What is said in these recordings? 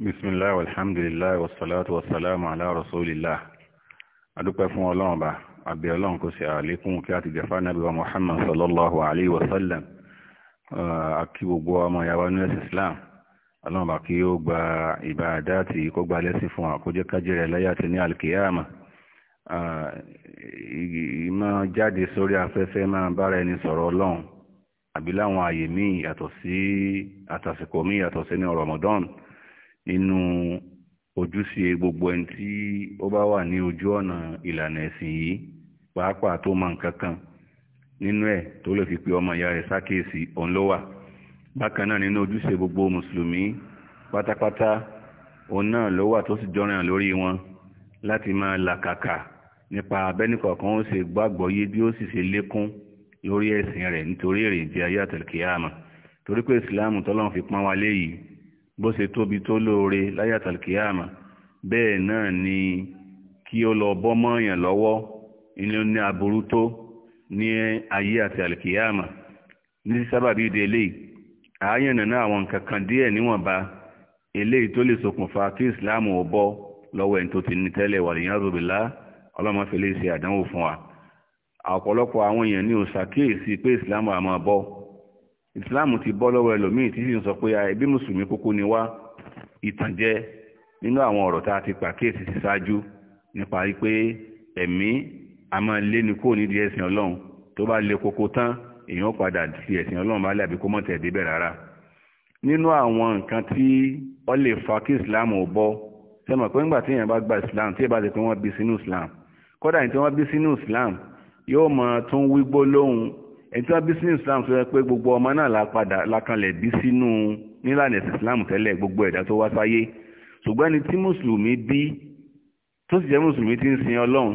بسم الله والحمد لله والصلاة والسلام على رسول الله adúpẹ́ fún ọlọ́run bá àbí ọlọ́run kò sí àlékún kí a ti jẹ̀fà náà bí wa Muhammad sallallahu alayhi wa sallam àkí gbogbo ọmọ ìyàwó ní ẹ̀sìn Islam ọlọ́run bá kí ó gba ìbá àdá àti kó gba lẹ́sìn fún àkójẹ́ kájẹ́rẹ́ láyé àti ní alkiyama ìmọ̀ jáde sórí afẹ́fẹ́ máa bára ẹni sọ̀rọ̀ ọlọ́run àbí láwọn àyè míì yàtọ̀ sí àtàsìkò míì yàtọ̀ sí ní Ramadan inú ojúṣe gbogbo ẹni tí ó bá wà ní ojú ọ̀nà ìlànà ẹ̀sìn yìí pàápàá tó mọ nǹkan kan nínú ẹ̀ tó lè fi pe ọmọ ìyá rẹ̀ sákèsì òun ló wà bákan náà nínú ojúṣe gbogbo mùsùlùmí pátápátá òun náà ló wà tó sì jọrìn lórí wọn láti máa làkàkà nípa abẹ́nìkọ̀ọ̀kan ó ṣe gbàgbọ́ yé bí ó sì ṣe lékún lórí ẹ̀sìn rẹ̀ nítorí èrè ìjẹ ayé àtẹ̀lẹ́kẹ̀ẹ́ àmọ́ torí pé ìsìláàmù tọ́lọ́run fi pọ́n wa léyìí bó ṣe tóbi tó lóore láyà bẹ́ẹ̀ náà ni kí ó lọ bọ́mọ́ èèyàn lọ́wọ́ inú ní aburú tó ní ayé àti àlkìyàmà ní sábàbí ìdí eléyìí àáyàn náà àwọn nǹkan kan díẹ̀ níwọ̀nba eléyìí tó lè ṣokùnfà kí ìsìláàmù ò bọ́ lọ́wọ́ ẹni tó ti ní tẹ́lẹ̀ wàlíyàn rúbìlá ọlọ́mọfẹ́lẹ́ ṣe àdánwò fún wa ọ̀pọ̀lọpọ̀ àwọn èèyàn ní ò ṣàkíyèsí pé ìsìláàmù àmọ́ bọ́ ìsìláàmù ti bọ́ lọ́wọ́ ẹlòmíì tí sì ń sọ pé ẹbí mùsùlùmí kúkú ni wá ìtànjẹ nínú àwọn ọ̀rọ̀ tá a ti pàkíyèsí sí ṣáájú nípa wípé ẹ̀mí a máa lé ní kúrò nídìí ẹ̀sìn ọlọ́run tó bá le koko tán èèyàn padà sí ẹ̀sìn ọlọ́run bá lẹ̀ àbí kó mọ̀ tẹ̀ débẹ̀ rárá nínú àwọn nǹkan tí wọ́n lè fa kí ìsìláàmù ò bọ́ sẹ́mọ̀ pé ńgbà tí èèyàn bá gba ìsìláàmù tí èèyàn bá ti pé wọ́n bí sínú ìsìláàmù kódà ní tí wọ́n bí sínú ìsìláàmù yóò máa tún wígbó lóhùn ẹni tí wọ́n bí sínú islam tó yẹ pé gbogbo ọmọ náà padà lákanlẹ̀ bí sínú nílànà ẹ̀sìn islam tẹ́lẹ̀ gbogbo ẹ̀dá tó wá sáyé ṣùgbọ́n ẹni ti ń sin ọlọ́run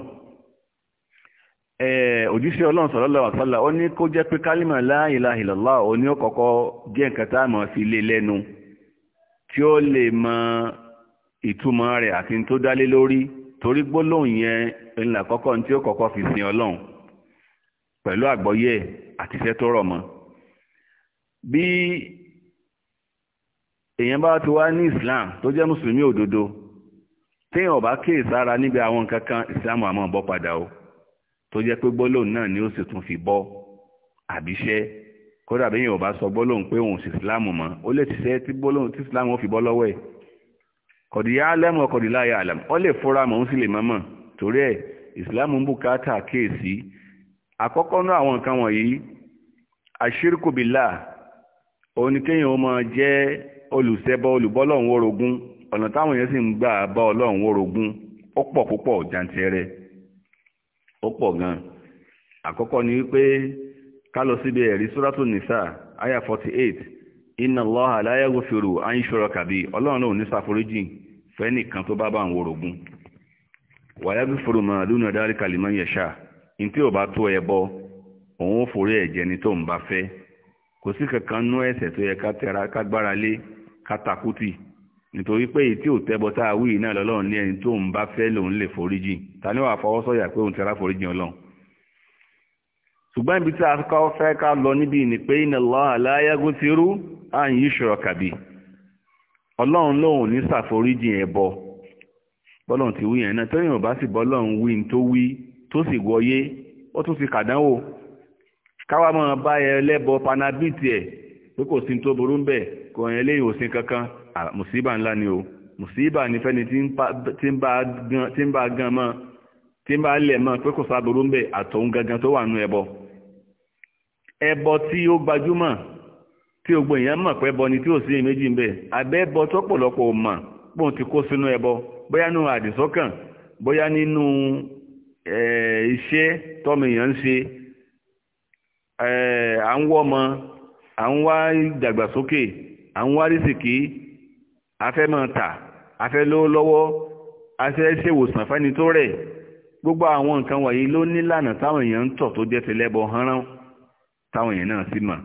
eh, òjíṣẹ́ ọlọ́run sallallahu alaihi wasallam ó ní kó jẹ́ pé kálímà la ilaha illallah ó ní ó jẹ́ nǹkan tá a mọ̀ sí ilé lẹ́nu tí ó lè mọ ìtumọ̀ rẹ̀ àti tó dálé lórí torí gbólóhùn pẹ̀lú àgbọ́yé àti iṣẹ́ tó rọ̀ mọ́ bí èèyàn bá ti wá ní Islam tó jẹ́ mùsùlùmí òdodo téèyàn ò bá kíyè sára níbi àwọn nǹkan kan Islam àmọ́ bọ́ padà o tó jẹ́ pé gbólóhùn náà ni ó sì tún fi bọ́ àbíṣẹ́ kódà bí èèyàn ò sọ gbólóhùn pé òun sì Islam mọ́ ó lè ṣiṣẹ́ tí gbólóhùn tí Islam fi bọ́ lọ́wọ́ ẹ̀ kọ̀dìyà alẹ́mọ̀ kọ̀dìláyà àlàm ó lè fura mọ̀ ó sì lè mọ́mọ̀ torí ẹ̀ Islam ń bùkátà kíyèsí àkọ́kọ́ náà àwọn nǹkan wọ̀nyí àṣírkù billah òun jẹ́ olùṣẹbọ olùbọ́lọ́hún orogún ọ̀nà táwọn èèyàn sì ń gbà bá ọlọ́hún ó pọ̀ púpọ̀ jàǹtẹ̀rẹ̀ ó pọ̀ gan àkọ́kọ́ ni wípé ká lọ síbi ẹ̀rí sóràtò nìsà àyà forty eight an ọlọ́run náà ò ní tó bá bá ntí ò bá tó ẹbọ òun ó forí ẹ̀jẹ̀ ni tó ń bá fẹ́ kò sí kankan nú ẹ̀ṣẹ̀ tó yẹ ká tẹra ká gbára lé ká takútì nítorí pé èyí tí ò tẹ́bọ tá a wí yìí náà lọ́lọ́run ní ẹni tó ń bá fẹ́ lòun lè foríjì ta ni wàá fọwọ́ sọ̀yà pé òun tẹ́ra foríjì ọlọ́run ṣùgbọ́n ibi tí a kọ́ fẹ́ ká lọ níbi ni pé inna Allaha la yaghfiru an yushraka bihi ọlọ́run lòun ní ṣàforíjì ẹbọ bọ́lọ́run ti wí yẹn náà tẹ́yìn ò bá sì bọ́lọ́run wí ní tó wí tó sì wọyé ó tún fi kàdánwò káwa máa bá ẹ lẹ́bọ panabit ẹ̀ pé kò sí tó burú bẹ́ẹ̀ kò yẹn léyìn òsín kankan mùsíbà ńlá ni o mùsíbà ní fẹ́ni tí ń bá gan mọ́ tí ń bá lẹ̀ mọ́ pé kò sá burú bẹ́ẹ̀ àtọ̀hún gangan tó wà nú ẹbọ ẹbọ tí ó gbajúmọ̀ tí gbogbo èèyàn mọ̀ pé ẹbọ ni tí ò sí èméjì ń bẹ àbẹ́bọ tó pọ̀lọpọ̀ mọ̀ bóun ti kó sínú ẹbọ bóyá nínú àdìsọ́kàn bóyá nínú Eh, iṣẹ́ tọ́mọ èèyàn ṣe eh, à ń wọ́ ọmọ à ń wá ìdàgbàsókè à ń wá afẹ́mọ̀ta fẹ́ni tó rẹ̀ gbogbo àwọn nǹkan wọ̀nyí ló nílànà táwọn èèyàn ń tọ̀ tó jẹ́ tẹlẹ́bọ hánrán táwọn èèyàn náà sì mọ̀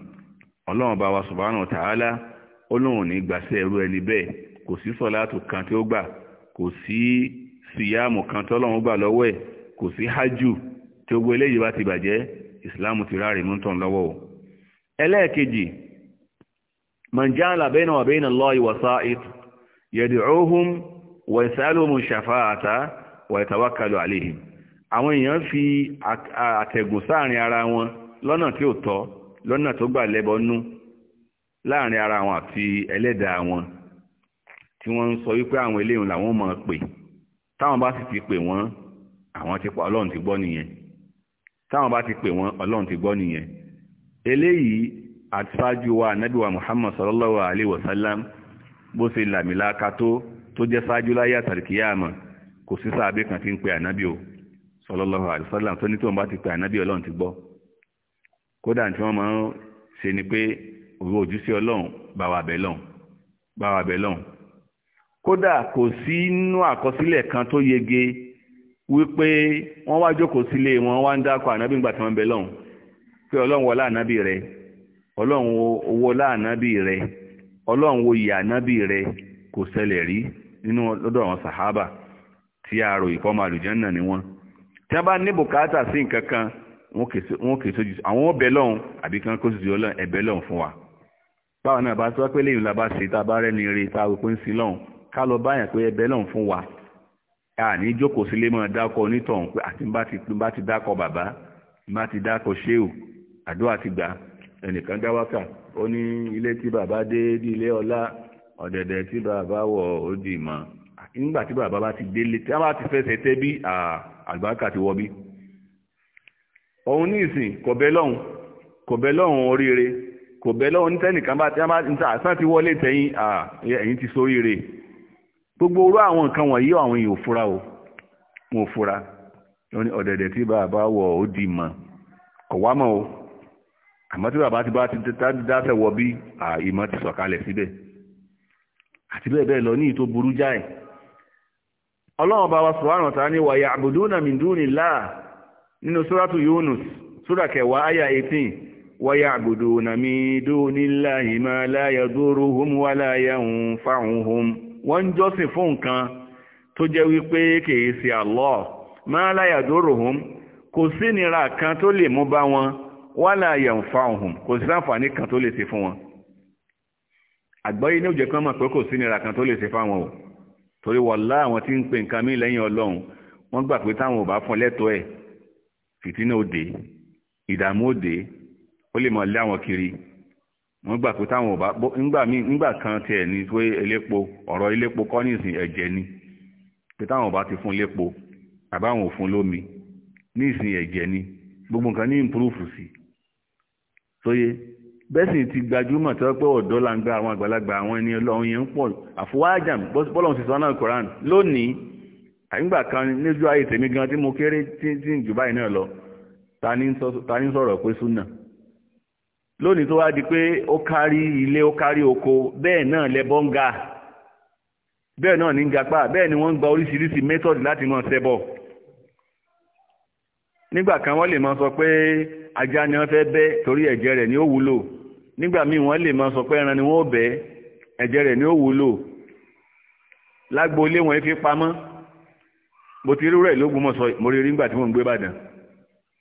ọlọ́run bá wa ẹni bẹ́ẹ̀ kò sí kan tí ó gbà kò sí kan tọ́lọ́run gbà kò sí hajj tí gbogbo eléyìí bá ti bàjẹ́ ìsìláàmù ti ráàrí mú tàn lọ́wọ́ ẹlẹ́ẹ̀kejì fi lọ́nà tí tọ́ lọ́nà tó gbà lẹ́bọnú láàrin ara wọn àti wọn tí wọ́n ń sọ wípé àwọn eléyìí làwọn máa pè táwọn bá sì ti pè àwọn ti pa ọlọ́run ti gbọ́ nìyẹn táwọn bá ti pè wọ́n ọlọ́run ti gbọ́ nìyẹn eléyìí àtisáájú wa ànábì muhammad sallallahu alaihi wasallam sallam bó ṣe làmìlaka tó tó jẹ́ sáájú láyé àtàríkìyàmọ̀ kò sí sáàbí kan tí ń pe ànábì sallallahu alaihi wasallam. sallam tó ní tí wọ́n bá ti pe ànábì ọlọ́run ti gbọ́ kódà tí wọ́n máa ń ṣe ni pé òwe òjúṣe ọlọ́run bá wa bẹ̀ lọ́hùn bá bẹ̀ lọ́hùn kódà kò sí inú àkọsílẹ̀ kan tó yege wípé wọ́n wá jókòó sílé wọn wá ń dákọ̀ ànábì ńgbà tí wọ́n bẹ lọ́hùn pé ọlọ́run wọlá ànábì rẹ ọlọ́run wọlá ànábì rẹ ọlọ́run wo ìyà ànábì rẹ kò ṣẹlẹ̀ rí nínú lọ́dọ̀ àwọn sàhábà tí a rò ìfọ́mọ àlùjànnà ni wọ́n tí wọ́n bá ní bùkátà sí nǹkan kan wọ́n kè sójú àwọn ọbẹ̀ lọ́hùn àbí kan kó sójú ọlọ́run ẹ̀bẹ̀ lọ́hùn fún wa báwọn náà bá sọ pé lẹ́yìn la bá ṣe tá a bá rẹ́ni rí tá a rò ń sí lọ́hùn ká lọ báyàn pé ẹ̀bẹ̀ lọ́hùn fún wa àní jókòó sílé máa dákọ onítọ̀hún pé àti bá ti dákọ bàbá bá ti dákọ ṣéù àdúrà ti gbà ẹnìkan dá wákà ó ní ilé tí bàbá dé di ilé ọlá ọ̀dẹ̀dẹ̀ tí bàbá wọ̀ ó di ìmọ̀ nígbà tí bàbá bá ti délé tí wọ́n bá ti fẹsẹ̀ tẹ́ bí àlùbáríkà ti wọ bí òun ní ìsìn kò bẹ lọ́hùn kò bẹ lọ́hùn oríire kò bẹ́ẹ̀ lọ́wọ́ ní bá ti wọlé tẹ̀yìn ẹ̀yìn ti sóríire gbogbo orú àwọn nǹkan wọ̀nyí àwọn èèyàn ò o ni ọ̀dẹ̀dẹ̀ tí bàbá wọ̀ ó di mọ̀ kò wá mọ̀ o àmọ́ tí ti bá ti dáṣẹ̀ wọ bí ìmọ̀ ti sọ̀kalẹ̀ síbẹ̀ àti bẹ́ẹ̀ bẹ́ẹ̀ lọ ní ìtò burú jáì ọlọ́run bá wa subhanahu ni ta'ala ní wa ya'buduna min dunillah nínú suratu Yunus sura kẹwàá àyà 18 ويعبدون من دون الله wà láyà يضرهم fáwọn ينفعهم wọ́n ń jọ́sìn fún nǹkan tó jẹ́ wípé kìí ṣe Allah máa láyà dóró hùm kò sí nira kan tó lè mú bá wọn wala yanfa'uhum kò sí àǹfààní kan tó lè ṣe fún wọn àgbọ́yé ní òjẹ̀ kan mọ̀ pé kò sí nira kan tó lè ṣe fáwọn o torí wọ̀lá àwọn tí ń pe nǹkan mí lẹ́yìn ọlọ́run wọ́n gbà pé táwọn ò bá fún lẹ́tọ̀ọ́ ẹ̀ fìtínà òde ìdààmú òde ó lè mọ̀ lé àwọn kiri wọ́n gbà pé táwọn ọba ńgbà míì ńgbà kan tiẹ̀ ní pé elépo ọ̀rọ̀ elépo kọ́ nísìn ẹ̀jẹ̀ ni pé táwọn ọba ti fún lépo àbáwọn ò fún lómi nísìn ẹ̀jẹ̀ ni gbogbo nǹkan ní ìmpúrúfù sí sóye bẹ́ẹ̀ sì ti gbajúmọ̀ tó pé ọ̀dọ́ la ń gba àwọn àgbàlagbà àwọn ẹni ọlọ́run yẹn ń pọ̀ àfọwájà bọ́lọ̀hún sísọ náà koran lónìí àyíngbà kan níjú ayé tèmi gan tí mo kéré tí ń jù báyìí náà lọ ta ní sọ̀rọ̀ pé súnà lónìí tó wá di pé ó kárí ilé ó kárí oko bẹ́ẹ̀ náà lẹ́bọ ń ga bẹ́ẹ̀ náà ní ń gapá bẹ́ẹ̀ ni wọ́n ń gba oríṣiríṣi method láti mọ̀ ṣẹbọ nígbà kan wọ́n lè máa sọ pé ajá ni wọ́n fẹ́ bẹ́ torí ẹ̀jẹ̀ rẹ̀ ni ó wúlò nígbà míì wọ́n lè máa sọ pé ẹran ni wọ́n bẹ́ ẹ̀jẹ̀ rẹ̀ ni ó wúlò lágbo wọn fi pamọ́ mo ti rírọ̀ ẹ̀ lógún mọ̀ sọ mo rí rí nígbà tí mo ń gbé Ìbàdàn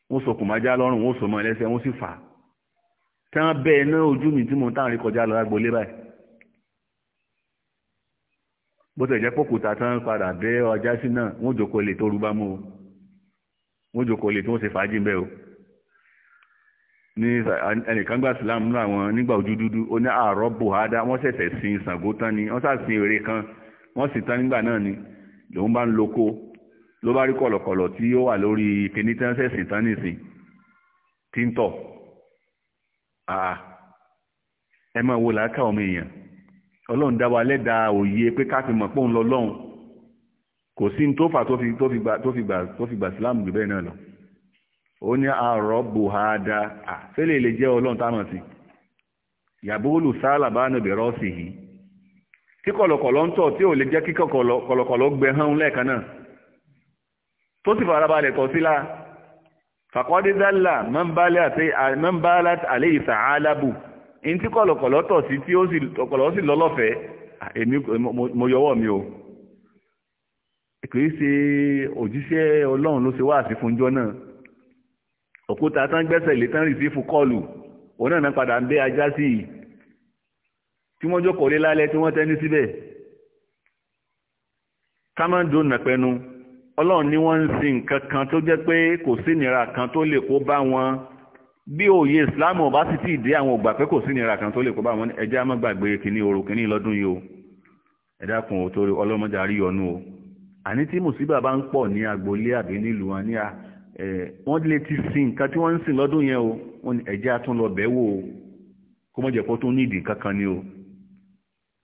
wọ́n sokùn májá lọ́rùn wọ́n so mọ́ ẹlẹ́sẹ̀ wọ́n sì fà á tán bẹ́ẹ̀ náà ojú mi tí mo tàn rí kọjá lọ agbolé báyìí bó tẹ̀ jẹ́ pòkúta tán padà dé ọjà sí náà wọ́n jòkó lè tó rúbá mú o wọ́n jòkó lè tó ń ṣe fàájì ń bẹ́ o ní ẹnìkan gba Islam nínú àwọn nígbà ojú dúdú ó ní àárọ̀ buhada wọ́n ṣẹ̀ṣẹ̀ sin Ṣàngó tán ni wọ́n ṣàṣin ère kan wọ́n sì tán nígbà náà ni lòun bá ń loko ló bá rí kọ̀lọ̀kọ̀lọ̀ tí ó wà lórí kìnnìtàn ṣẹ̀sìn tán nìsín tí ń tọ̀ àà ẹ máa wo làákà ọmọ èèyàn ọlọ́run dá wa lẹ́dàá òye pé ká mọ̀ pé òun lọ lọ́hùn kò sí tó fà tó fi gbà tó fi gbà sílámù gbé bẹ́ẹ̀ náà lọ ó ní àrọ̀ bùhádà àfẹ́lẹ̀ lè jẹ́ ọlọ́run táwọn sí yàbó olùsálà bá nù bẹ̀rẹ̀ ọ̀sìn yìí tí kọ̀lọ̀kọ̀lọ̀ ń tọ̀ tí ò lè jẹ́ kí kọ̀lọ̀kọ̀lọ̀ gbẹ hán lẹ́ẹ̀kan náà tó sì farabalẹ̀ kọ̀ síláà fàkọ́dé dálà mọ́nbálát àlẹ́ ìsàálábù in tí kọ̀lọ̀kọ̀lọ̀ tọ̀ sí tí ó sì kọ̀lọ̀ sí lọ́lọ́fẹ́ èmi mo yọwọ́ mi o kìí ṣe òjíṣẹ́ ọlọ́run ló ṣe wá sí fúnjọ́ náà òkúta tán gbẹ́sẹ̀ lé tán rì sí fún kọlù òun náà padà ń bẹ ajá sí i tí wọ́n jókòó lé lálẹ́ tí wọ́n tẹ́ ní síbẹ̀ ká má ń dùn nàpẹ́nu ọlọ́run ni wọ́n ń sin nǹkan kan tó jẹ́ pé kò sí ìnira kan tó lè kó bá wọn bí òye islam ọba sì ti dé àwọn ògbà pé kò sí ìnira kan tó lè kó bá wọn ẹjẹ́ á má gbàgbé kínní orò kínní lọ́dún yìí o ẹ dákun ò torí ọlọ́mọdé àríyọnú o àní tí mùsíbà bá ń pọ̀ ní agboolé àbí nílùú wọn ní à wọ́n lè ti sin nǹkan tí wọ́n ń sìn lọ́dún yẹn o wọ́n ní ẹjẹ́ á tún lọ bẹ̀ wò o kó mọ̀ jẹ́ pé ó tún nídìí kankan ni o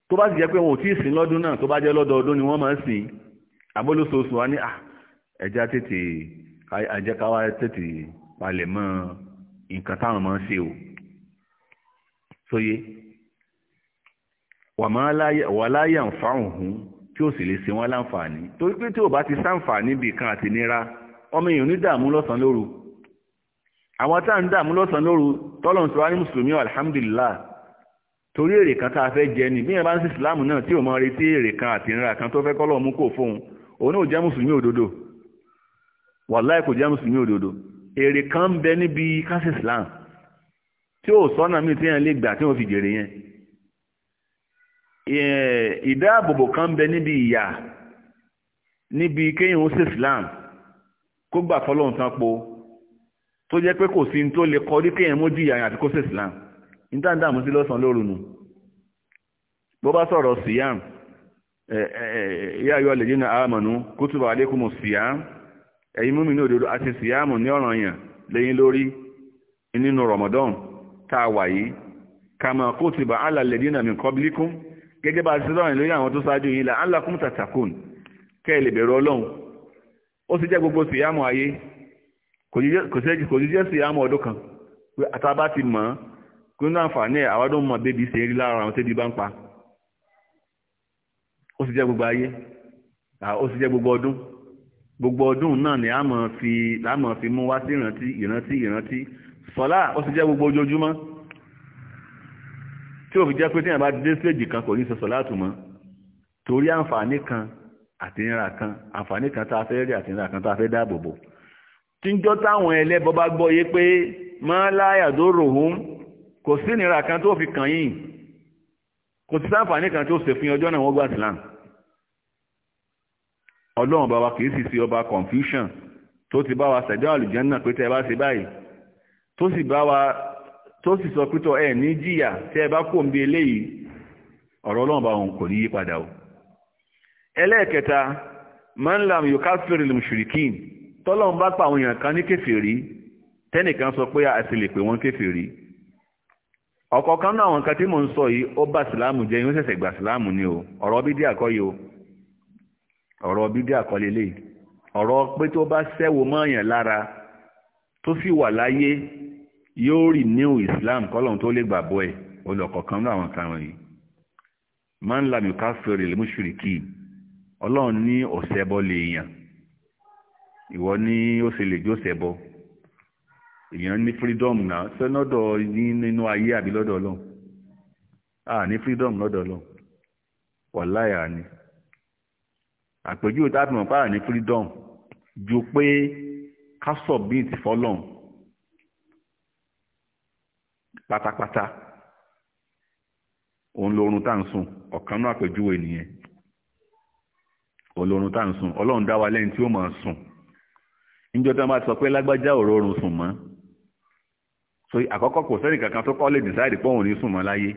tó bá sì jẹ́ pé wọn ò tí ì sìn lọ́dún náà tó bá jẹ́ lọ́dọọdún ni wọ́n máa ń sìn abólóṣooṣù wa ní à ah, ẹja tètè àjẹkáwá tètè palẹ̀ mọ́ nǹkan táwọn máa ń ṣe o sóye wàláyà ń fa òhun tí ó sì lè ṣe wọ́n láǹfààní torí pé tí ò bá ti sáǹfààní bì kan àti nira ọmọ èèyàn ní dààmú lọ́sàn-án lóru àwọn tá à ń dààmú lọ́sàn-án lóru tọ́lọ̀ ń sọ wá ní mùsùlùmí alhamdulillah torí èrè kan tá a fẹ́ jẹ ni bí yẹn bá ń sí ìsìláàmù náà tí ò mọ retí èrè kan àti nira kan tó fẹ́ kọ́lọ́ mú kò fóun òun náà jẹ́ mùsùlùmí òdodo wàláì kò jẹ́ mùsùlùmí òdodo èrè kan ń bẹ níbi kásì islam tí ó sọ́nà míì téèyàn lè gbà tí wọ́n fi jèrè yẹn ìdáàbòbò kan ń bẹ níbi ìyà níbi kéèyàn ó sí islam kó gbà fọlọ́run tán po tó jẹ́ pé kò sí tó lè kọrí kéèyàn mójú ìyà àti kó sí islam ní dáadáa mú sí lọ́sàn-án lóru nù bó bá sọ̀rọ̀ siyam Eh, eh, ya ayyuhal ladina amanu kutiba alaykumus siyam ẹ̀yin mùmínì òdodo àti síyàmù ní lẹ́yìn lórí nínú Ramadan tá a wà yìí kama ala gẹ́gẹ́ bá ti rọrìn lórí àwọn tó ṣáájú yìí la'allakum tattaqun kẹ́ ẹ lè bẹ̀rù Ọlọ́run ó sì jẹ́ gbogbo síyàmù ayé kò sí jẹ́ síyàmù ọdún kan àtàbá ti mọ̀ ọ́ kí wọ́n náà fà ó sì jẹ́ gbogbo ayé ó sì jẹ́ gbogbo ọdún gbogbo ọdún náà ni a máa fi a máa fi mú wá sí ìrántí ìrántí ìrántí sọlá ó sì jẹ́ gbogbo ojoojúmọ́ tí ò fi jẹ́ pé téèyàn bá dé stage kan kò ní sọ sọlá tù mọ́ torí àǹfààní kan àtìnira kan àǹfààní kan tá a fẹ́ rí àtìnira kan tá a fẹ́ dáàbò bò tíjọ́ táwọn ẹlẹ́bọ bá gbọ́ yé pé máa láyà tó rò hún kò sí ìnira kan tó fi kàn yín kò sí sáǹfààní kan tó ṣe fún ọjọ́ náà wọ́n gbà Islam ọlọ́run bá wa kìí sì sí ọba confusion tó ti bá wa ṣẹ̀dá àlùjànnà pé tẹ́ ẹ bá ṣe báyìí tó sì bá wa tó sì sọ pé tọ́ ẹ ní jìyà tẹ́ ẹ bá kò ń bí eléyìí ọ̀rọ̀ ọlọ́run bá wọn kò ní yí o ẹlẹ́ẹ̀kẹta man lam yukafir al-mushrikin tọ́lọ́run bá pa àwọn èèyàn kan ní kèfèrí tẹ́nìkan sọ pé àti lè pè wọ́n kèfèrí ọ̀kọ̀ọ̀kan náà àwọn nǹkan tí mò ń sọ yìí ó bá sìláàmù jẹ́ yóò ṣẹ̀ṣẹ̀ gbà sìláàmù ni o ọ̀rọ̀ bídí àkọ́yé o ọ̀rọ̀ bídí àkọ́lé lè ọ̀rọ̀ pé tó bá ṣẹ́wó mọ́ọ̀yàn lára tó sì wà láyé yóò rí new islam kọ́lọ́n tó lè gbàgbọ́ ẹ̀ olùkọ̀ọ̀kan náà àwọn nǹkan wọ̀nyí máa ń lamì ká fèrè lè mú ṣùrìkì ọlọ́run ní ọ̀sẹ̀bọ lèèyàn ìwọ ní ó ṣe lè jó ṣẹ̀bọ èèyàn ní freedom náà ṣé nínú ayé àbí lọ́dọ̀ ọlọ́run a ní freedom lọ́dọ̀ ọlọ́run wọ̀láyà ni àpèjúwe tá a ní freedom ju pé ká submit fọlọ́n pátápátá òun lorun tá à ń sùn ọ̀kan náà àpèjúwe nìyẹn tá à ń sùn ọlọ́run dá wa lẹ́yìn tí ó máa sùn níjọ́ tí wọ́n bá sọ so àkọ́kọ́ kò sẹ́ni kankan tó kọ́ lè dìsáìdì pé òun ní sùn mọ́ láyé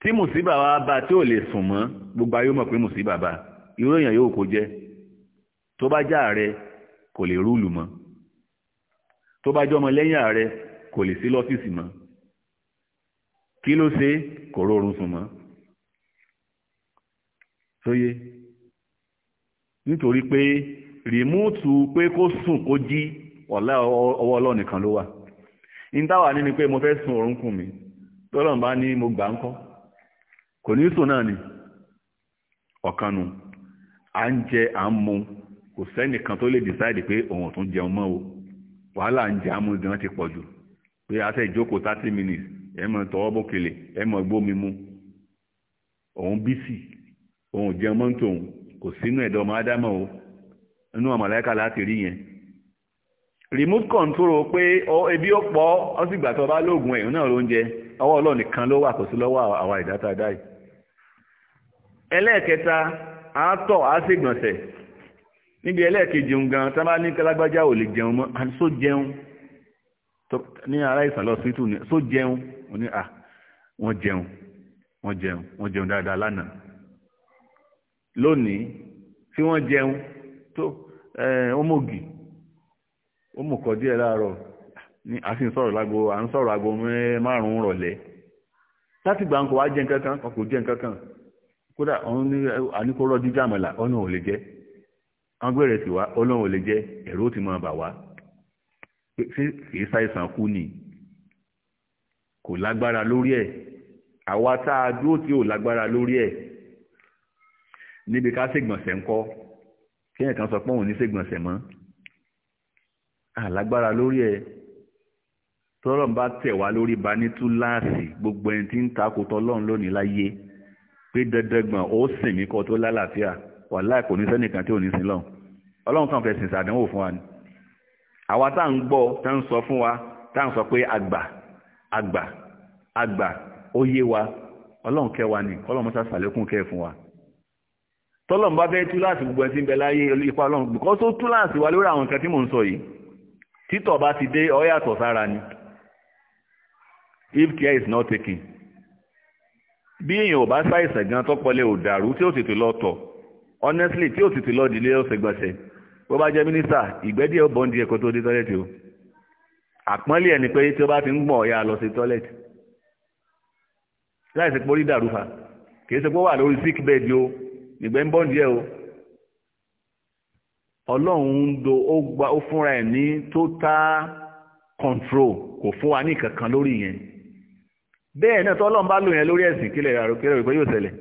tí mùsíbà wa bá tí ò lè sùn mọ́ gbogbo ayé mọ̀ pé mùsíbà bá irú èèyàn yóò kó jẹ́ tó bá jẹ́ ààrẹ kò lè rúùlù mọ́ tó bá jẹ́ ọmọ lẹ́yìn ààrẹ kò lè sí lọ́fíìsì mọ́ kí ló ṣe kò rọrùn sùn sóyé nítorí pé rìmúùtù pé kó sùn kó jí wọ̀lá ọwọ́ ọlọ́run nìkan ló wà ní dáwà ní ni pé mo fẹ́ sun orúnkún mi tọ́lọ́run bá ní mo gbà kò ní sùn náà ni ọkanu. a ń jẹ à ń mu kò sẹ́nìkan tó lè dìsáìdì pé òun tún jẹun mọ́ o wàhálà ń jẹ àmú ti pọ̀ jù pé a fẹ́ ìjókòó thirty minutes ẹ mọ̀ tọwọ́ bókèlè ẹ mọ̀ òun òun jẹun mọ́ tòun kò sínú ẹ̀dọ̀ o inú remote control pé ebi ó pọ̀ ó sì gbà tó bá lóògùn ẹ̀yìn náà lóúnjẹ ọwọ́ ọlọ́run nìkan ló wà kò sí lọ́wọ́ àwa ìdáta dáì ẹlẹ́ẹ̀kẹta àátọ̀ á sì gbọ̀nsẹ̀ níbi ẹlẹ́ẹ̀kejì ń gan tábà ní kálágbájá ò lè jẹun mọ́ àti só jẹun ní ará ìsàn lọ síìtù ní só jẹun ó ní à wọ́n jẹun wọ́n jẹun wọ́n jẹun dáadáa lánàá lónìí tí wọ́n jẹun tó ọmọgì ó mú kọ díẹ̀ láàárọ̀ ní a sì ń sọ̀rọ̀ lágbo à ń sọ̀rọ̀ àgbo márùn-ún rọ̀lẹ́ láti gbà ń kọ wá jẹ́ nǹkan kan kò jẹ́ nǹkan kan kódà òun ní àníkó rọ́jú jàmọ̀lá ọ̀nà ò lè jẹ́ àwọn gbèrè sì wá ọlọ́run ò lè jẹ́ ẹ̀rọ ti máa bà wá ṣé kìí ṣàìsàn kú ni kò lágbára lórí ẹ̀ àwa tá a dúró tí ò lágbára lórí ẹ̀ níbi ká ṣègbọ̀nsẹ̀ ńkọ́ kéèyàn kan sọ pé òun ní ṣègbọ̀nsẹ̀ mọ́ àlágbára lórí ẹ̀ tọ́lọ̀ bá tẹ̀ wá lórí ba ní túláàsì gbogbo ẹni tí ń takò tọ́lọ́run lónìí láyé pé dandangbọ̀n ó sìn mí kọ́ tó lálàáfíà wàláì kò ní sẹ́nìkan tí ò ní sin lọ́hùn ọlọ́run kàn fẹ́ sàdánwò fún wa ni àwa tá à ń gbọ́ tá à ń sọ fún wa tá à ń sọ pé àgbà àgbà àgbà ó yé wa ọlọ́run kẹ́ wa ni ọlọ́run mọ́sá sàlékún kẹ́ fún wa tọ́lọ́run bá fẹ́ túláàsì gbogbo ẹni tí ń bẹ láyé ipa ọlọ́run bìkọ́ tó túláàsì wa lórí àwọn nǹkan tí mò ń sọ yìí títọ̀ bá ti dé ọ sára ni if care is not taken bí èèyàn ò bá ṣàìsàn gan tọpọlẹ ò dàrú tí ó tètè lọ tọ̀ honestly tí ó tètè lọ dìlé ọ̀sẹ̀ gbọ̀nsẹ̀ bó bá jẹ́ mínísítà ìgbẹ́dí ẹ̀ bọ́ǹdì ẹ̀kọ́ tó dé tọ́lẹ̀tì o àpọ́nlé ẹni pé tí ó bá ti ń gbọ̀n ọ̀yà lọ sí tọ́lẹ̀tì láìsí pé orí dàrú fa kì í ṣe pé ó wà lórí sick bed o ìgbẹ́ ń bọ́ǹdì ẹ̀ o ọlọ́run ń do ó gba ó fúnra ẹ̀ ní total control kò fún wa ní kankan lórí yẹn bẹ́ẹ̀ náà tọ́lọ́run bá lò yẹn lórí ẹ̀sìn kílẹ̀ àrò kílẹ̀ rẹ̀ pé yóò ṣẹlẹ̀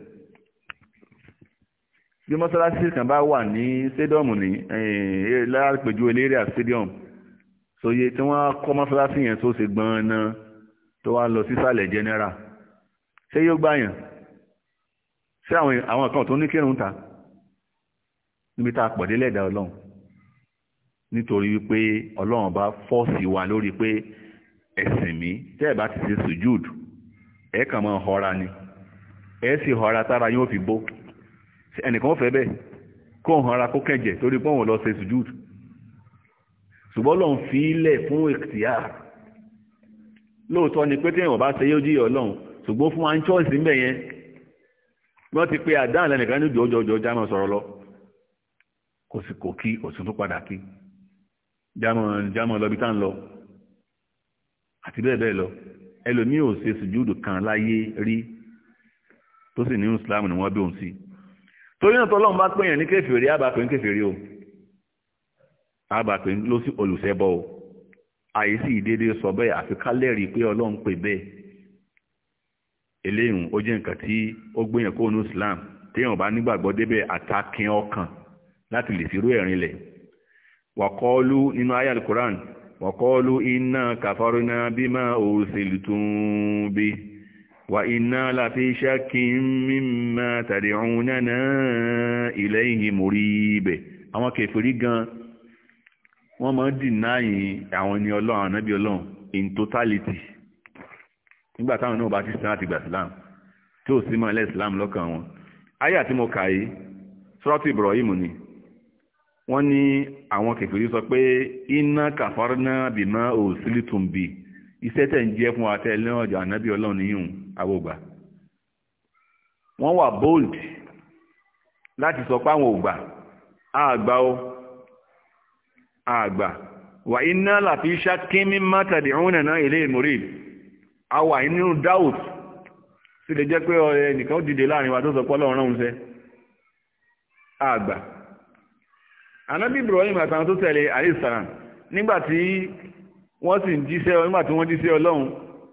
bí mọ́sálásí kan bá wà ní stadiumu ní eh, eh, lápèjú eléríà stadium soye tí wọ́n kọ́ mọ́sálásí yẹn tó ṣe gbọ́n náà tó wá lọ sísàlẹ̀ general ṣé yóò gbàyàn ṣé àwọn kan tó ní kírun ta níbi tá a pọ̀ délẹ̀ dá ọlọ́run nítorí wípé ọlọ́run bá fọ́ọ̀sì wa lórí pé ẹ̀sìn mi tẹ́ ẹ̀ bá ti ṣe sùjúùd ẹ̀ kàn máa họra ni ẹ̀ sì họra tára yóò fi bó ẹnìkan fẹ́ bẹ́ẹ̀ kó họra kó kẹ̀jẹ̀ torí pé òun lọ ṣe sùjúùd ṣùgbọ́n lòun fi ilẹ̀ fún ìkìtìyà lóòótọ́ ni pé téèyàn bá ṣe yóò jíyọ̀ ọlọ́run ṣùgbọ́n fún wa ń chọ́ọ̀sì ń bẹ̀ wọ́n ti pe àdáhùn lẹ́nìkan ní ìjọ́jọ́jọ́ jámọ̀ sọ̀rọ̀ lọ kò sì kò kí òsùn tó padà kí jámọ̀ lọ bí tá ń lọ àti bẹ́ẹ̀ bẹ́ẹ̀ lọ ẹlòmíì ò ṣe sùjúdù kan láyé rí tó sì ní islam ni wọ́n bí òun sí torí náà tọ́lọ́run bá pèèyàn ní kèfèrí àbá pè ní kèfèrí o àbá pè ló sí olùṣẹbọ o àyè sì dédé sọ bẹ́ẹ̀ àfi kálẹ́rì pé ọlọ́run pè bẹ́ẹ̀ eléyìí ó jẹ́ nǹkan tí ó gbéyàn kó nu islam téèyàn bá nígbàgbọ́ débẹ̀ àtàkìn ọkàn láti lè fìrú ẹ̀rin lẹ̀ wàkọ́ọ́lú inú ayé alukoran wàkọ́ọ́lú iná kàfàrúnà bí máa òrùsèlú tún bí wà iná láti ṣákí mímá tàbí ọ̀hún náà ilẹ̀ ìhìn mórí ibẹ̀ in totality nígbà táwọn náà bá ti sàn àti gbà Islam tí ò sí mọ́ ilẹ̀ Islam lọ́kàn wọn ayé àti mo kà yìí sọ́rọ́tì ni wọ́n ní àwọn kèfèrí sọ pé iná kàfárínà bìmá ò sílítùmbì iṣẹ́ tẹ̀ ń jẹ́ fún àtẹ́lẹ́ ọjọ́ ànábì ọlọ́run níyùn àwògbà wọ́n wà bold láti sọ pé àwọn ògbà àgbà ó àgbà wà iná làfi ṣákín mímá tàbí òun nàná ilé ìmúrí àwà inú doubt sì lè jẹ́ pé ọ̀rẹ́ eh, nìkan dìde láàrin wa tó sọ pé ọlọ́run ránun sẹ́ àgbà anábì ibrahim àtàwọn tó tẹ̀lé àríṣàrán nígbàtí wọ́n sì ń jíṣẹ́ nígbàtí wọ́n jíṣẹ́ ọlọ́run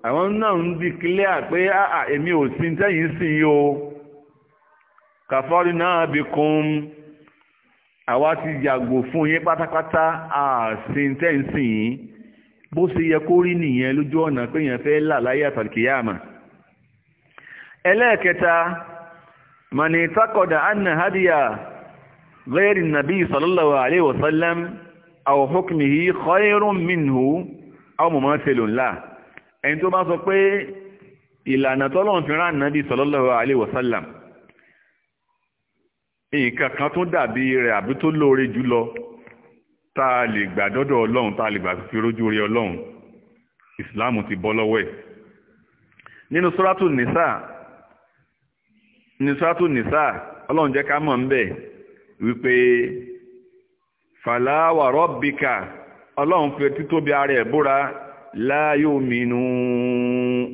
àwọn náà ń di kílẹ̀ pé àà èmi ò sí tẹ́yìn sí yìí o kàfọ́rí náà bí kún àwa ti yàgò fún yín pátápátá si tẹ́yìn sí yìí bó ṣe yẹ kó rí nìyẹn lójú ọ̀nà pé yẹn fẹ́ là láyé àtàkìyàmà ẹlẹ́ẹ̀kẹta mani takoda anna hadiya غير النبي صلى الله عليه وسلم أو حكمه خير منه أو مماثل له ẹni tó bá sọ pé ìlànà tọ́lọ́run fi rán nàbí sallallahu alaihi wasallam nǹkan kan tún dàbí rẹ̀ àbí tó lóore jùlọ tá a lè gbà dọ́dọ̀ ọlọ́run tá a lè gbà fi rójú rí ọlọ́run ìsìláàmù ti bọ́ lọ́wọ́ ẹ̀ nínú suratu nisa nínú suratu nisa ọlọ́run jẹ́ ká mọ̀ ń bẹ́ẹ̀ wípé fàláwà rọ́bìkà ọlọ́run fi títóbi ara ẹ̀ búra láàyò mìínú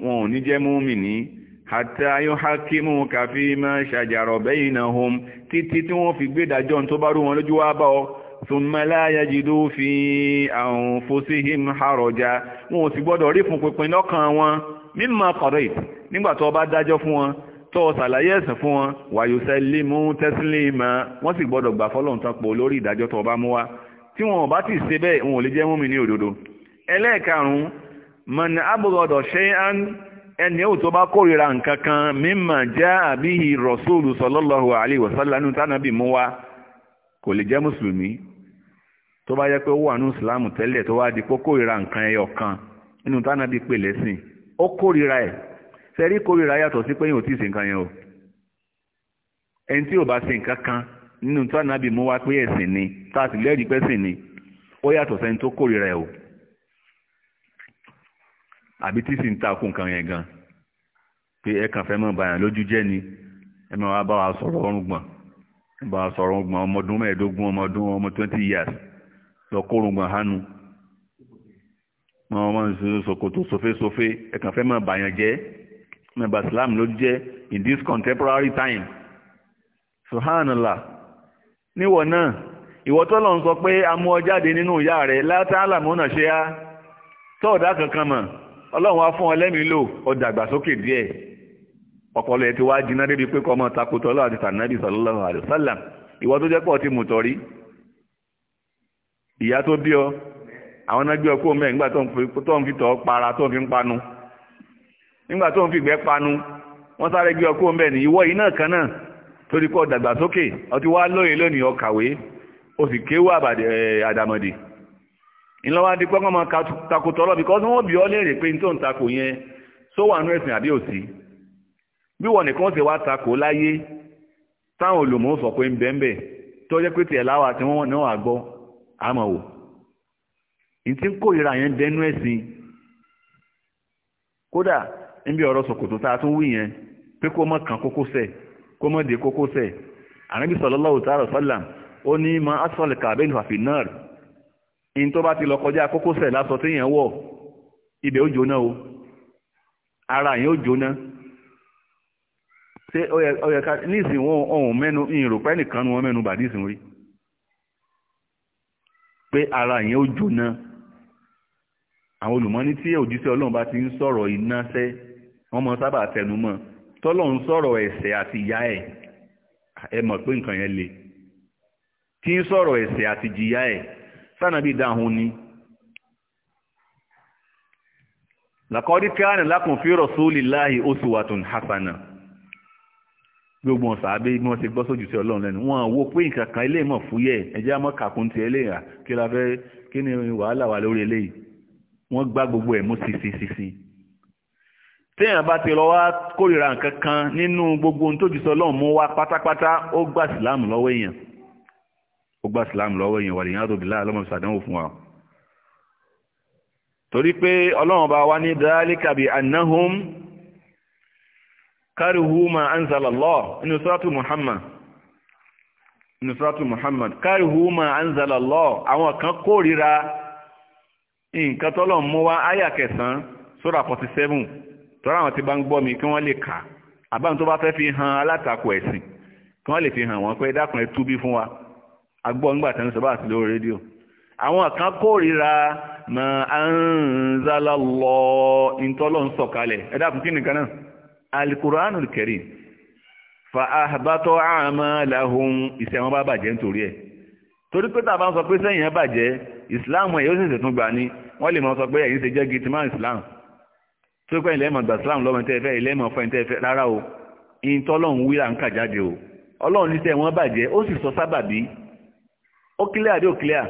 wọn ò ní jẹ́ mùmínì àti ayọ́hákímù kàfí máa ṣàjàrọ̀ bẹ́yìn náà hom títí tí wọ́n fi gbé ìdájọ́ tó bá rú wọn lójú wá bá ọ ثم لا يجدوا في أنفسهم wọn ò sì gbọ́dọ̀ rí fún pinpin lọ́kàn wọn mímọ̀ kọ̀rẹ́t nígbà tó bá dájọ́ fún wọn tó ṣàlàyé ẹ̀sìn fún wọn wàyòsẹ́ límú tẹ́sílímà wọ́n sì gbọ́dọ̀ gbà fọ́lọ́run tán pò lórí ìdájọ́ tó bá mú wá tí wọn bá ti ṣe bẹ́ẹ̀ wọn ò lè jẹ́ mú mi ní òdodo ẹlẹ́ẹ̀karùn-ún mọ̀nà abúgọ́dọ̀ ṣe án ẹni ó tó bá kórìíra nǹkan kan mímọ̀ já àbíhi rọ̀súùlù sallallahu alaihi wasallam tánàbì mú wá kò lè jẹ́ mùsùlùmí tó bá pé wà tẹ́lẹ̀ kórìíra sẹ́rí kórìíra yàtọ̀ sí pé yóò tí ì ṣe nǹkan yẹn o ẹni tí ò bá ṣe nǹkan kan nínú tí ànábì mú wá pé ẹ̀sìn ni tá a sì lẹ́rìí pé ẹ̀sìn ni ó yàtọ̀ sẹ́ni tó kórìíra ẹ̀ o àbí tí sì ń takùn nǹkan yẹn gan pé ẹ kàn fẹ́ mọ̀ lójú jẹ́ ni ẹ máa bá wa sọ̀rọ̀ ọrùn gbọ̀n bá a sọ̀rọ̀ ọgbọ̀n ọmọ ọdún mẹ́ẹ̀ẹ́dógún ọmọ ọdún ọmọ twenty years lọ́kọ́rùngbọ̀n hánu wọn máa ń sọ ṣòkòtò sọfẹ́sọfẹ́ ẹ̀kànfẹ́ máa bàyàn jẹ́ mẹ́bà islam ló jẹ́ in this contemporary time subhanallah níwọ̀ náà ìwọ tó lọ ń sọ pé a mú ọ jáde nínú ìyá rẹ látàlà múnà ṣe á tọ́ọ̀dá kankan mọ̀ ọlọ́run wá fún ọ lẹ́mìí lò ó dàgbàsókè díẹ̀ ọpọlọ ẹ ti wá jiná débi pé kọ́mọ takotọ́ ọlọ́run àti tànàbì sallallahu alaihi ìwọ tó jẹ́ pọ̀ ti mùtọ̀ rí ìyá tó bí ọ àwọn náà gbé ọ kó mẹ́ẹ̀ nígbà tó ń fi tọ́ para tó ń fi ń panu nígbà tó ń fi ìgbẹ́ panu wọ́n sáré gbé ọkọ́ ń bẹ̀ ní ìwọ yìí náà kan náà torí pọ̀ dàgbàsókè ọtí wá lóyìn lónìí ọkàwé o sì kéwú eh, àdàmọ̀dì ìlọ́wádìí pẹ́ kọ́mọ takòtọ́ lọ bíkọ́ tí wọ́n bí ọ léèrè pé tó ń takò yẹn só wà nú ẹ̀sìn àbí òsì bí wọ́n nìkan ṣe wá takò láyé táwọn olùmọ̀ sọ pé ń bẹ́ẹ̀ tó jẹ́ pé tiẹ̀ láwa tí wọ́n náà àgbọ́ àmọ̀ wò ìtí ń kórìíra yẹn dẹnu ẹ̀sìn kódà níbi ọ̀rọ̀ sòkòtò tá a tún wí yẹn pé kó mọ́ kan kókósẹ̀ kó mọ́ dé kókósẹ̀ ànábì sallallahu ta'ala sallam ó ní ma asọ́lẹ̀ kàbẹ́lì fàfi náà in tó bá ti lọ kọjá kókósẹ̀ lásọ tí yẹn wọ̀ ibẹ̀ ó jóná o ara yẹn ó jóná ṣé ó yẹ ká níìsín wọn ọ̀hún mẹ́nu ìrùpẹ́ nìkan ni wọ́n mẹ́nu bà níìsín rí pé ara yẹn ó jóná àwọn olùmọ́ni tí òjíṣẹ́ ọlọ́run bá ti ń sọ̀rọ̀ iná wọ́n mọ sábà tẹnumọ́ tọ́lọ́run sọ̀rọ̀ ẹ̀ṣẹ̀ àti ìyá ẹ̀ ẹ mọ̀ pé nǹkan yẹn le tí ń sọ̀rọ̀ ẹ̀ṣẹ̀ àti jìyà ẹ̀ sànàbí dáhùn ni làkọ́dí káàní lakum fi rasulillahi uswatun hasana gbogbo ọ̀sà abé bí wọ́n ti gbọ́ sójú sí ọlọ́run lẹ́nu wọn wo pé nǹkan kan ilé mọ̀ fúyẹ́ ẹ̀jẹ̀ àmọ́ kàkún ti ẹlẹ́yà kí ni wàhálà wà lórí eléyìí wọ́n gbá gbogbo ẹ̀ mú sí sí sí téèyàn bá ti lọ wá kórìíra nǹkan kan nínú gbogbo ohun tó ti sọ lọ́hùn mú wá pátápátá ó gbà síláàmù lọ́wọ́ èèyàn ó gbà síláàmù lọ́wọ́ èèyàn wàlẹ̀ yàrá tóbi láàlọ́mọ ìsàdánwò fún wa torí pé ọlọ́run bá wá ní dhalika bi annahum karihu ma anzala Allah inú suratu Muhammad inú suratu Muhammad karihu ma anzala Allah àwọn kan kórìíra nǹkan tọ́lọ̀ mú wá áyà kẹsàn-án sura 47 tọ́ra àwọn tí bá ń gbọ́ mi kí wọ́n lè kà àbáwọn tó bá fẹ́ fi han alátakò ẹ̀sìn kí wọ́n lè fi hàn wọ́n pé dákun ẹ bí fún wa agbọ́ nígbà tí wọ́n sọ bá àti lórí rédíò àwọn kan kórìíra mà ń sọ̀kalẹ̀ ẹ dákun kí nìkan náà kẹrin fa wọn bá torí pé tàbá sọ pé sẹ́yìn ẹ bàjẹ́ ìsìláàmù ẹ̀ yóò gbà wọ́n lè mọ sọ pé ẹ̀yìn ṣe jẹ́ gidi máa tó pẹ́ ilẹ̀ mọ̀ gbà sílámù lọ́mọ tẹ́ fẹ́ ilẹ̀ mọ̀ fẹ́ tẹ́ fẹ́ o in tọ́lọ́run wíra ń kà o ọlọ́run ní sẹ́ bàjẹ́ ó sì sọ sábàbí ó kílẹ̀ àdé ò kílẹ̀ à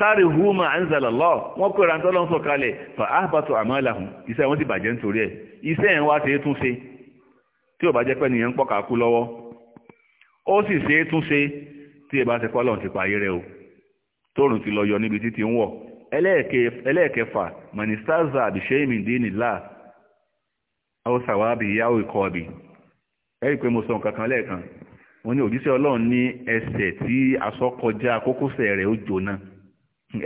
kárí húmà anzalallah wọ́n kóra ń tọ́lọ́run sọ kalẹ̀ fa ahbatu amalahum iṣẹ́ wọn ti bàjẹ́ nítorí ẹ̀ iṣẹ́ yẹn wá ṣe é tí ò bá jẹ́ pẹ́ nìyẹn ń lọ́wọ́ ó sì ṣe ti ti rẹ o tóòrùn ti lọ yọ níbi títí ń wọ̀ àwọn sàwábì ya ikọ̀ ọ̀bì eyi pé mo sọ nǹkan kan lẹ́ẹ̀kan mo ní òjíṣẹ́ ọlọ́run ní ẹsẹ̀ tí aṣọ kọjá kókósẹ̀ rẹ̀ ó jóná pé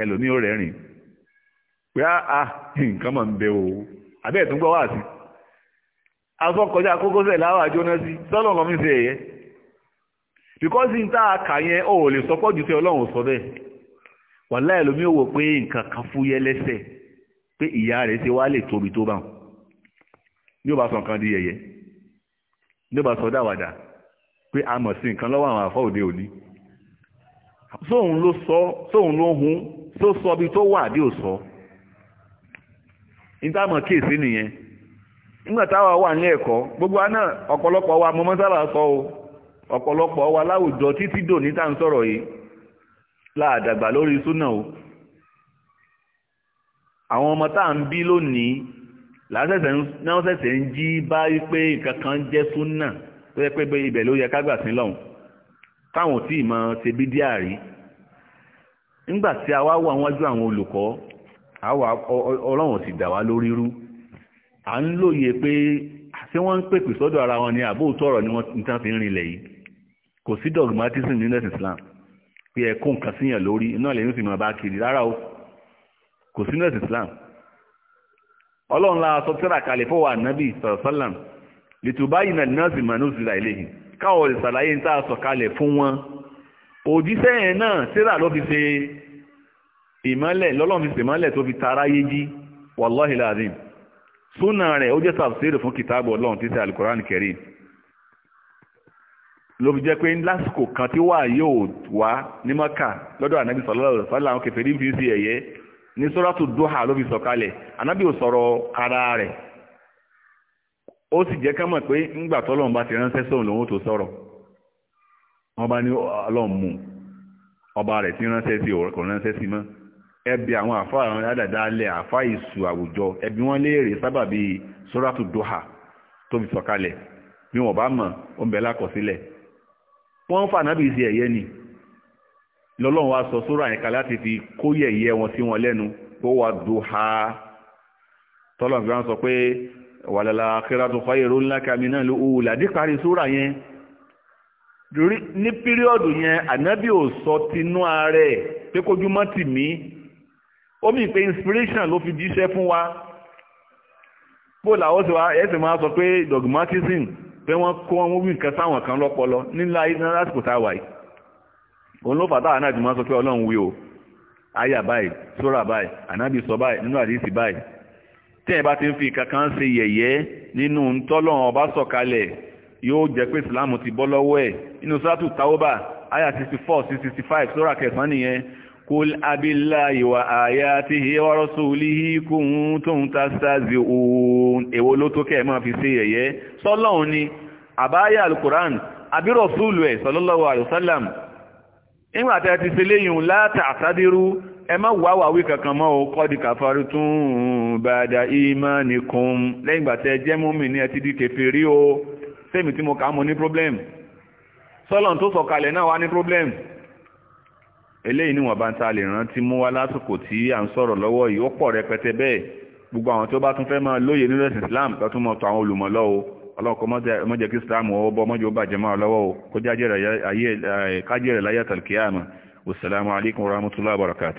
a nǹkan mọ̀ ń bẹ o àbẹ́ẹ̀ tó ń sí aṣọ kọjá kókósẹ̀ láwà jóná sí sọ́lọ́ lọ́mí sí n kà o lè sọ pọ́ òjíṣẹ́ ọlọ́run sọ bẹ́ẹ̀ wò pé nǹkan kan fúyẹ́ lẹ́sẹ̀ pé ní ó bá sọ nǹkan di yẹ̀yẹ́ ní ó bá sọ dáwàdà pé a mọ̀ sí nǹkan lọ́wọ́ àwọn àfọ́ òde òní sóhun ló sọ sóhun ló hun tó sọ bí tó wà bí ò sọ ìtàmọ̀ kíyèsí nìyẹn nígbà táwa wà ní ẹ̀kọ́ gbogbo aná ọ̀pọ̀lọpọ̀ wa mo mọ́sára sọ o ọ̀pọ̀lọpọ̀ wa láwùjọ títí dò ní tá sọ̀rọ̀ yìí láàdàgbà lórí súnà o àwọn ọmọ tá à ń bí lónìí lásẹ̀sẹ̀ náà sẹ̀sẹ̀ ń jí bá wípé nǹkan kan jẹ́ súnà tó yẹ pé ibẹ̀ ló yẹ ká gbà sí lọ́hùn táwọn tí ì mọ ṣe bí díà rí nígbà tí a wá wà wájú àwọn olùkọ́ àwa ọlọ́run sì dà wá lórí rú à ń lóye pé ṣé wọ́n ń pèpè sọ́dọ̀ ara wọn ni àbóòtú ọ̀rọ̀ ni wọ́n ti tán fi ń rinlẹ̀ yìí kò sí dogmatism nínú ẹ̀sìn Islam pé ẹ̀kọ́ nǹkan síyàn lórí iná lẹ́yìn sì máa bá kiri rárá o kò sí nínú Islam ọlọ́run la sọ tírà kalẹ̀ fún wa nàbí sọ̀rọ̀sọ́làm lìtùbáyìí nà nọ́ọ̀sì manúsìlà iléyìn káwọ̀ ìsàlàyé tá a sọ kalẹ̀ fún wọn òjíṣẹ́ yẹn náà tírà ló fi ṣe ìmọ́lẹ̀ lọ́lọ́run fi ṣe ìmọ́lẹ̀ tó fi tara yé jí wàlọ́hì láàrin súnà rẹ̀ ó jẹ́ tàbísírì fún kìtàbù ọlọ́run títí alukoran kẹrí ló fi jẹ́ pé lásìkò kan tí wà yóò wá ní mọ́kà lọ́dọ̀ ní sọ́ràtù dúhà ló fi sọ̀kalẹ̀ anábì ò sọ̀rọ̀ ara rẹ̀ ó sì jẹ́ ká mọ̀ pé ńgbà tọ́lọ́run bá ti ránṣẹ́ sóun lòun tó sọ̀rọ̀ wọ́n bá ní ọlọ́run mú ọba rẹ̀ ti ránṣẹ́ sí kò ránṣẹ́ sí mọ́ ẹbí àwọn àfa àwọn aládàdálẹ̀ àfa ìsù àwùjọ ẹbí wọn léèrè ni lọ́lọ́run wa sọ sórí àyíká láti fi kóyẹ̀ yẹ wọn sí wọn lẹ́nu kó wà dùhà tọ́lọ̀ fi wọ́n sọ pé wàlàlà akhiratu khayrun laka minal ula díparí sórí yẹn ní píríọ̀dù yẹn ànábì ò sọ tinú ààrẹ pé kójúmọ́ tì mí ó mì pé inspiration ló fi jíṣẹ́ fún wa bó làwọn sì wá ẹ̀sìn máa sọ pé dogmatism pé wọ́n kó wọn wí nǹkan sáwọn kan lọ́pọlọ nílá iná lásìkò táwa yìí òun ló fàtà àná máa sọ pé ọlọ́run o àyà báyìí sóra báyìí ànábì sọ báyìí nínú báyìí tí bá ti ń fi kankan ṣe yẹ̀yẹ́ nínú ntọ́lọ́run ọba sọ̀kalẹ̀ yóò jẹ́ pé ti bọ́ lọ́wọ́ ẹ̀ nínú sátù táwọ́bà 64 65 sóra kẹsàn-án nìyẹn kul abillahi wa ayatihi nígbà tẹ́ ti ṣe léyìn láta àsádírú ẹ má wà wàwí kankan mọ́ o kọ́ di kàfàrí tún bàdà ìmánìkùn lẹ́yìn ìgbà tẹ́ jẹ́ múmi ní ẹ ti di kèfèrí o sẹ́mi tí mo kà á mọ ní problem sọ́lọ̀n tó sọ̀kalẹ̀ náà wá ní problem eléyìí níwọ̀n bá ń ta lè rántí mú wá lásìkò tí à ń sọ̀rọ̀ lọ́wọ́ yìí ó pọ̀ rẹpẹtẹ bẹ́ẹ̀ gbogbo àwọn tó bá tún fẹ́ máa lóye nílẹ̀ Islam tó tún mọ̀ tó àwọn olùmọ̀lọ́ ọlọ́kọ̀ mọ́jẹ̀ kí islamu ọwọ́ bọ́ mọ́jẹ̀ ó bàjẹ́ máa lọ́wọ́ kó jájẹ́ rẹ̀ láyé tàlkìyàmà wassalamu alaikum warahmatullahi wabarakatuh